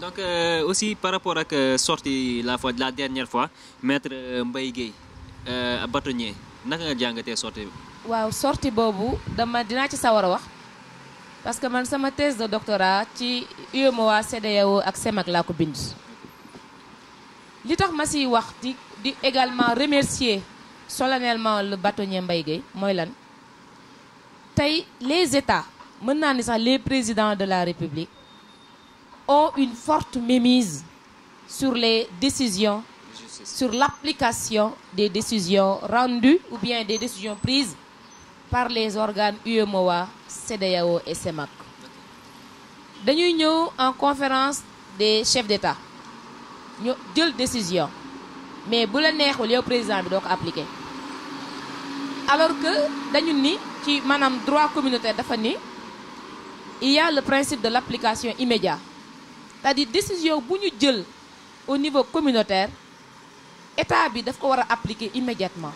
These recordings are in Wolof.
donc euh, aussi par rapport ak euh, sorti la fois de la dernière fois maître euh, Mbaye Guèye euh, bâtonnier naka nga jàngatee sortie bi. waaw sortie boobu dama dinaa ci sawar a wax parce que man sama thèse de doctorat ci UEMOA CEDEAO ak CEMAC laa ko bind. li tax ma siy wax di également remercier solennellement le bâtonnier Mbaye Gueye mooy lan tey les états mën naa ne sax les présidents de la république ont une forte mémise sur les décisions sur l'application des décisions rendues ou bien des décisions prises par les organes UEMOA, CEDEAO et CEMAC dañuy ñëw en conférence des chefs d'État ñu jël décision mais bu la neexul yow président bi doo ko alors que dañu ni ci maanaam droit communautaire dafa ni il y a principe de l'application immédiate c'est-à-dire décision bu ñu jël au niveau communautaire état bi daf ko war a appliquer immédiatement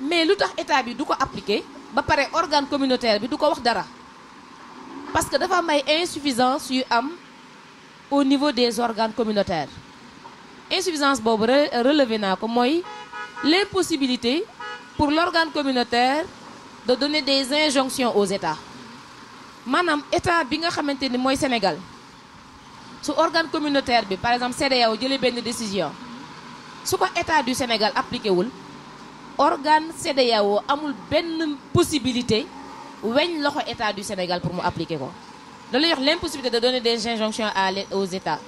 mais lu tax état bi du ko appliquer ba pare organe communautaire bi du ko wax dara parce que dafa am insuffisance yu am au niveau des organes communautaire insuffisance boobu relever naa ko mooy les possibilités pour l'organe communautaire de donner des injonctions au États maanaam état bi nga xamante ni mooy Sénégal su organe communautaire bi par exemple CEDEAO jëlee benn décision su ko état du Sénégal appliqué wul organe CEDEAO amul benn possibilité weñ loxo état du Sénégal pour mu appliquer ko da lay wax l'impossibilité de donner des injonctions à aux états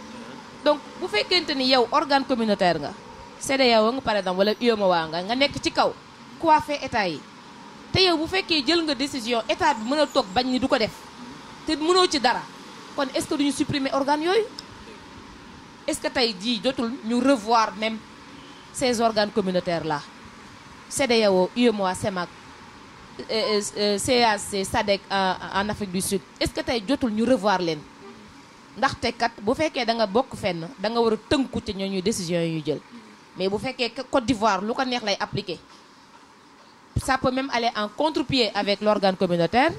donc bu fekkente ni yow organe communautaire nga CEDEAO nga par exemple wala UEMOA nga nga nekk ci kaw décoiffer état yi te yow bu fekkee jël nga décision état mën a toog bañ ni du ko def te mënoo ci dara kon est-ce que yooyu est-ce que tey jii jotul ñu revoir même ces organes communautaires là CEDEAO UEMOA CEMAC euh, euh, euh, CAC SADC e en Afrique du Sud est-ce que tey jotul ñu revoir leen ndaxte kat bu fekkee da nga bokk fenn da nga war a tënku ci ñooñu décision yi ñu jël mais bu fekkee Côte d'Ivoire lu ko neex lay appliquer sa peut même aller en contre-pied avec l'organe communautaire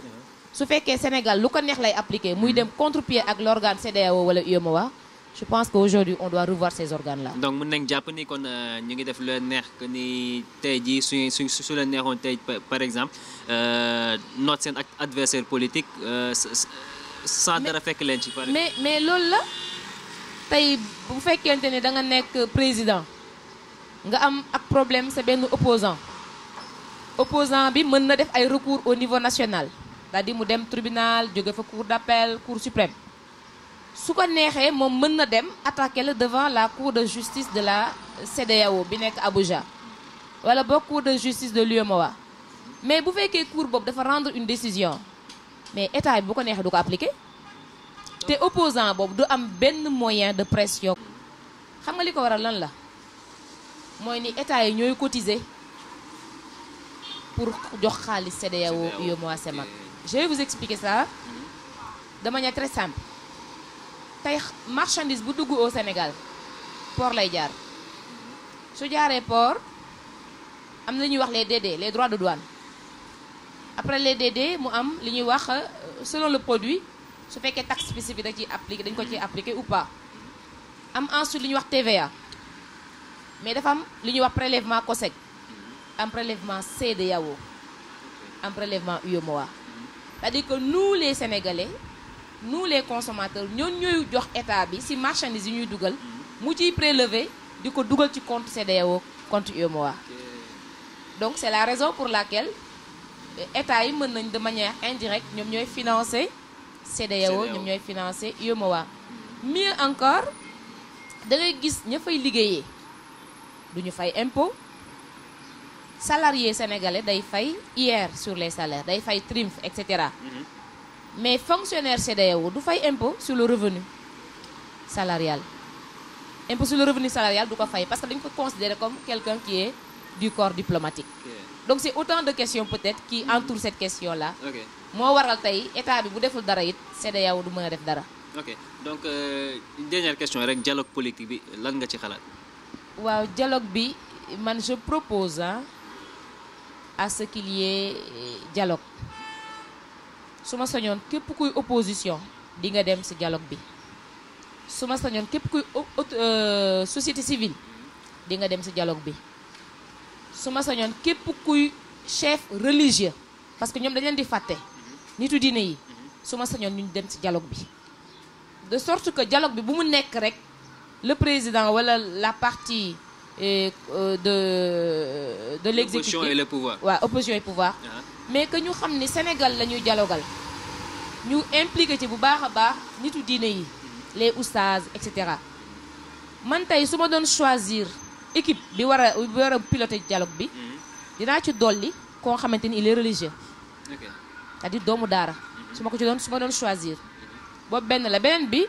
su fekkee Sénégal lu ko neex lay appliquer muy dem contre ak l'organe CEDEAO wala UEMOA je pense que aujourd'hui on doit revoir ces organes là. donc mën nañ jàpp ni kon euh, ñu ngi def lu leen neex que ni tey jii suñu suñ su leen neexoon tey par exemple euh, noot seen adversaire politique euh, sans dara fekk leen ci. mais mais loolu la tey bu fekkente ne da nga nekk président nga am ak problème sa benn opposant opposant bi mën na def ay recours au niveau national cest mu dem tribunal jóge fa cour d'appel cour suprême su ko neexee moom mën na dem attaquer la devant la cour de justice de la CEDEAO bi nekk Abuja wala boog cour de justice de l'UEMOA mais bu fekkee cour boobu dafa rendre une décision mais état bi bu ko neexee du ko appliquer te opposant boobu du am benn moyen de pression xam nga li ko waral lan la mooy ni état yi ñooy cotiser pour jox xaalis CEDEAO UEMOA CEMAC je vais vous expliquer ça de manière très simple tey marchandise bu dugg au Sénégal port lay jaar su jaaree port am na ñuy wax les DD les droits de douane après les DD mu am li ñuy wax euh, selon le produit su fekkee taxe spécifique da ciy appliqué dañ ko ciy appliqué ou pas am ensuite li ñuy wax TVA mais dafa am li ñuy wax prélèvement COSEC un prélèvement CEDEAO, un prélèvement UEMOA. C'est-à-dire que nous les Sénégalais nous les consommateurs ñooñu ñooy jox état bi ci marchandise yi ñuy dugal mu ciy prélever di ko dugal ci compte CEDEAO compte UEMOA. donc c'est la raison pour laquelle état yi mën nañ de manière indirecte ñoom ñooy financer CEDEAO ñoom ñooy financer UEMOA. mieux encore da gis ña liggéeyee du ñu fay impôt. salarié sénégalais day fay IR sur les salaires day fay TRIMF et cetera. Mhm. mais fonctionnaire CEDEAO du fay impôt sur le revenu salarial. impôt sur le revenu salarial du ko fay parce que dañu ko considérer comme quelqu'un qui est du corps diplomatique. Okay. donc c'est autant de question peut-être qui mm -hmm. entourent cette question là. moo waral tey état bi bu deful dara it CEDEAO du mën def dara. ok donc euh, une dernière question rek dialogue politique bi lan nga ci xalaat. waaw dialogue à ce qu'il y euh, dialogue su ma sañoon képp kuy opposition di nga dem ci dialogue bi su sañoon képp kuy euh, société civile di nga dem ci dialogue bi su ma sañoon képp kuy chef religieux parce que ñoom dañ di fàtte nitu diine yi su ma sañoon ñu dem ci dialogue bi de sorte que dialogue bi bu mu nekk rek le président wala la partie et euh, de de l'exécutif opposition et le pouvoir waaw opposition et ah. mais que ñu xam ni Sénégal la ñuy dialogal ñu impliqué ci bu baax a baax nitu diine yi. les oustaz et cetera. man tey su ma doon choisir équipe bi war a bi war a piloter dialogue bi. Mhm. dinaa ci dolli koo xamante ni il est religieux. ok cest doomu daara. Mhm. su ma ko ci doon su ma doon choisir. Mhm. boobu benn la beneen bi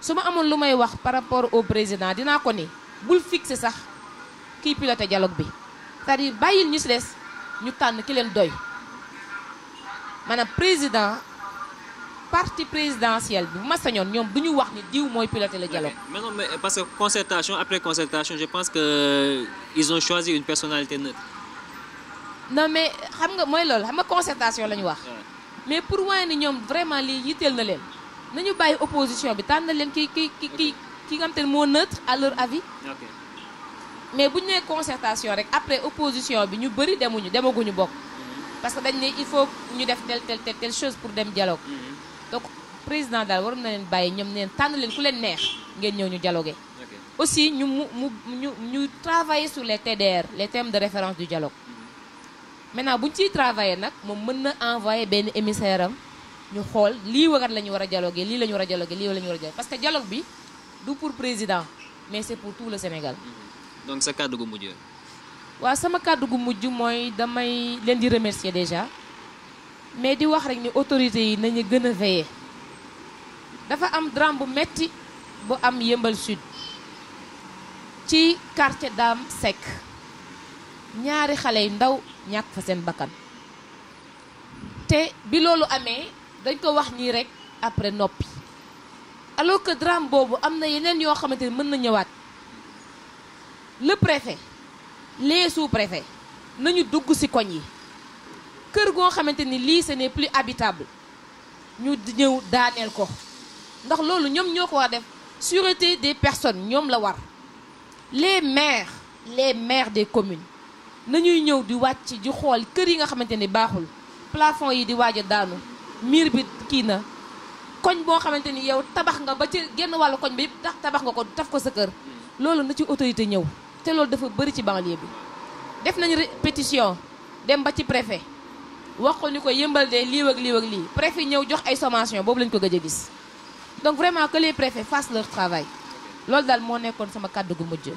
su ma amoon lu may wax par rapport au président dinaa ko ni bul fixer sax. kiy piloté dialogue bi c'est-à-dire bàyyil ñu si des ñu tànn ki leen doy maanaam président parti présidentiel bi bu ma sañoon ñoom du ñu wax ni diw mooy piloté le dialogue. mais non mais parce que concertation après concertation je pense que euh, ils ont choisi une personnalité neutre. non mais xam nga mooy lool xam nga concertation la ñu wax. mais pour wane ni ñoom vraiment lii yitteel na leen nañu bàyyi opposition bi tànn leen ki ki ki ki ki nga te ne moo neutre à leur avis. mais bu ñu nee concertation rek après opposition bi ñu bëri demuñu demaguñu bokk. parce que dañ ne il faut ñu def tel tel tel chose pour dem dialogue. Mm-hmm. donc président daal waroon na leen bàyyi ñoom neen tànn leen ku leen neex ngeen ñëw ñu dialogué. aussi ñu mu mu ñu ñu travailler sur les TDR les thèmes de référence du dialogue. Mm-hmm. maintenant bu ñu ciy travailler nag moom mën na envoyer benn émissaire am ñu xool lii wagat la ñu war a dialogué lii la ñu war a dialogué lii la ñu war parce que dialogue bi du pour président mais c'est pour tout le Sénégal. Mm-hmm. donc sa kàddu gu waaw sama kàddu gu mujj mooy damay leen di remercier déjà mais di wax rek ni autorités yi nañu gën a veiller dafa am drame bu metti bu am yëmbal sud ci quartier Dame Seck ñaari xale yu ndaw ñàkk fa seen bakkan te bi loolu amee dañ ko wax nii rek après noppi alors que drame boobu am na yeneen yoo xamante ni mën na ñëwaat le préfet les sous-préfets nañu dugg ci koñ yi kër goo xamante ni lii ce n'est plus habitable ñu di ñëw daaneel ko ndax loolu ñoom ñoo ko war def sûreté des personnes ñoom la war les maires les maires des communes nañuy ñëw di wàcc ji xool kër yi nga xamante ni baaxul plafond yi di waaj a daanu miir bi kii na koñ boo xamante ni yow tabax nga ba ci genn wàllu koñ bi yëpp tax tabax nga ko taf ko sa kër loolu na ci autorité ñëw te loolu dafa bëri ci banlieue bi def nañu pétition dem ba ci préfet wax ko ni ko yëmbal de lii ak lii ak lii préfet ñëw jox ay sommation boobu lañ ko gëj a gis donc vraiment que les préfets fassent leur travail loolu daal moo nekkoon sama kàddu gu mujj